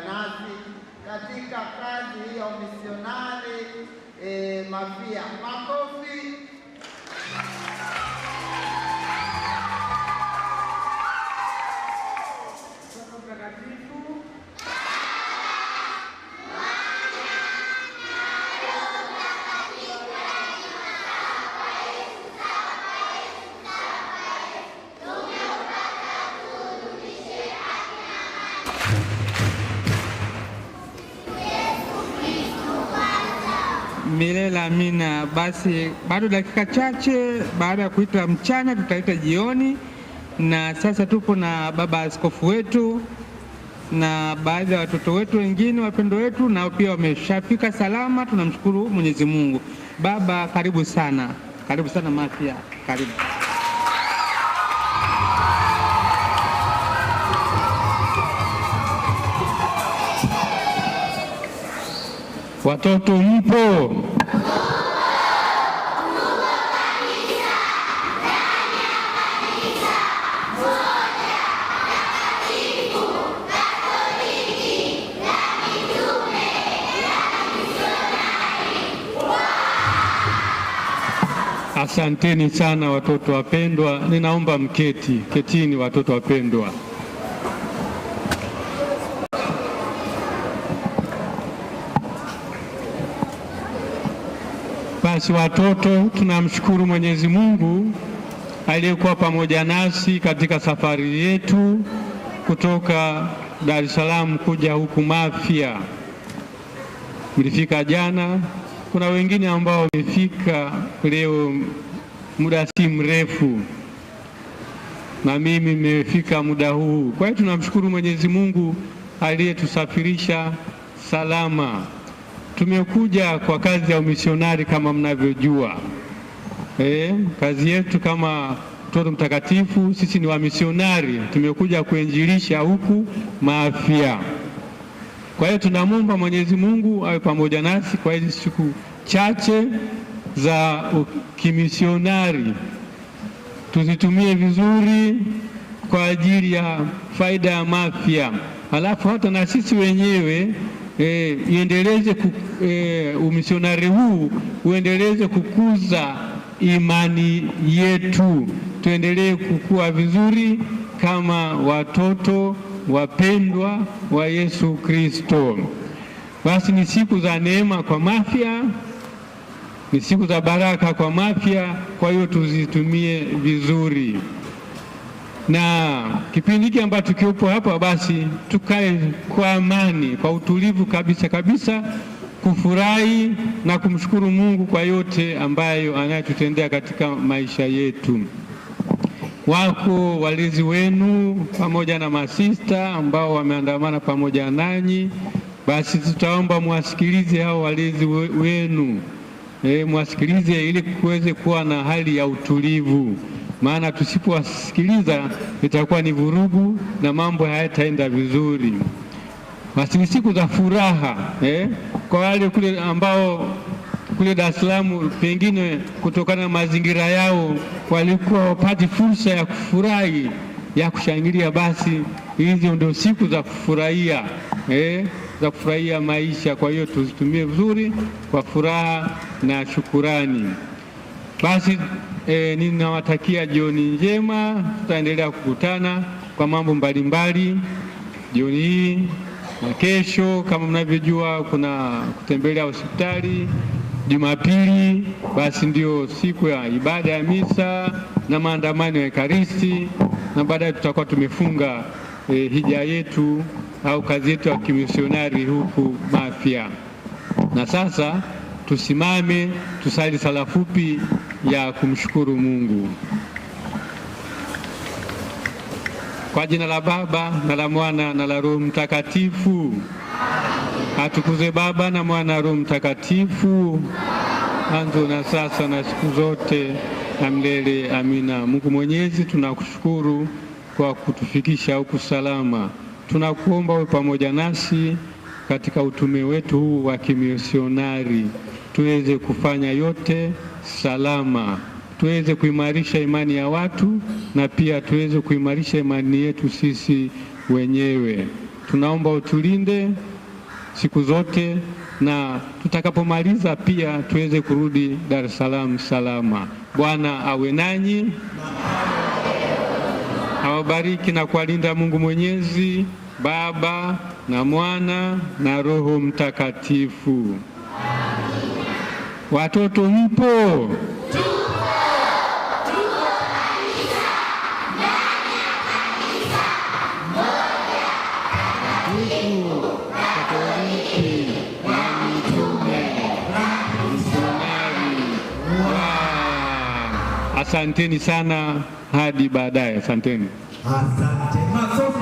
pamoja nasi katika kazi hii ya umisionari e, eh, Mafia. Makofi. Milela Amina. Basi bado dakika chache baada ya kuitwa mchana, tutaita jioni, na sasa tupo na baba askofu wetu na baadhi ya watoto wetu wengine wapendo wetu nao pia wameshafika salama, tunamshukuru Mwenyezi Mungu. Baba, karibu sana, karibu sana Mafia, karibu watoto mpo? Asanteni sana watoto wapendwa, ninaomba mketi. Ketini watoto wapendwa. Basi watoto, tunamshukuru Mwenyezi Mungu aliyekuwa pamoja nasi katika safari yetu kutoka Dar es Salaam kuja huku Mafia. Mlifika jana kuna wengine ambao wamefika leo muda si mrefu, na mimi nimefika muda huu. Kwa hiyo tunamshukuru Mwenyezi Mungu aliyetusafirisha salama. Tumekuja kwa kazi ya umisionari kama mnavyojua. E, kazi yetu kama mtoto mtakatifu, sisi ni wamisionari, tumekuja kuinjilisha huku Maafia. Kwa hiyo tunamwomba Mwenyezi Mungu awe pamoja nasi kwa hizi siku chache za kimisionari, tuzitumie vizuri kwa ajili ya faida ya mafya, halafu hata na sisi wenyewe e, iendeleze e, umisionari huu uendeleze kukuza imani yetu, tuendelee kukua vizuri kama watoto wapendwa wa Yesu Kristo. Basi ni siku za neema kwa Mafia, ni siku za baraka kwa Mafia, kwa hiyo tuzitumie vizuri, na kipindi hiki ambacho tukiupo hapa, basi tukae kwa amani, kwa utulivu kabisa kabisa, kufurahi na kumshukuru Mungu kwa yote ambayo anayotutendea katika maisha yetu. Wako walezi wenu pamoja na masista ambao wameandamana pamoja nanyi, basi tutaomba mwasikilize hao walezi wenu e, mwasikilize ili kuweze kuwa na hali ya utulivu, maana tusipowasikiliza itakuwa ni vurugu na mambo hayataenda vizuri. Basi ni siku za furaha e, kwa wale kule ambao kule Dar es Salaam, pengine kutokana na mazingira yao walikuwa wapati fursa ya kufurahi ya kushangilia, basi hizo ndio siku za kufurahia eh, za kufurahia maisha. Kwa hiyo tuzitumie vizuri kwa furaha na shukurani. Basi eh, ninawatakia jioni njema, tutaendelea kukutana kwa mambo mbalimbali jioni hii na kesho. Kama mnavyojua, kuna kutembelea hospitali Jumapili basi ndio siku ya ibada ya misa na maandamano ya Ekaristi, na baadaye tutakuwa tumefunga e, hija yetu au kazi yetu ya kimisionari huku Mafia. Na sasa tusimame tusali sala fupi ya kumshukuru Mungu. Kwa jina la Baba na la Mwana na la Roho Mtakatifu. Atukuzwe Baba na Mwana Roho Mtakatifu, mwanzo na sasa na siku zote na milele. Amina. Mungu Mwenyezi, tunakushukuru kwa kutufikisha huku salama. Tunakuomba uwe pamoja nasi katika utume wetu huu wa kimisionari, tuweze kufanya yote salama, tuweze kuimarisha imani ya watu na pia tuweze kuimarisha imani yetu sisi wenyewe. Tunaomba utulinde siku zote, na tutakapomaliza pia tuweze kurudi Dar es Salaam salama. Bwana awe nanyi, awabariki na kuwalinda Mungu Mwenyezi, Baba na Mwana na Roho Mtakatifu. Watoto mpo? Asanteni sana, hadi baadaye. Asanteni, asante.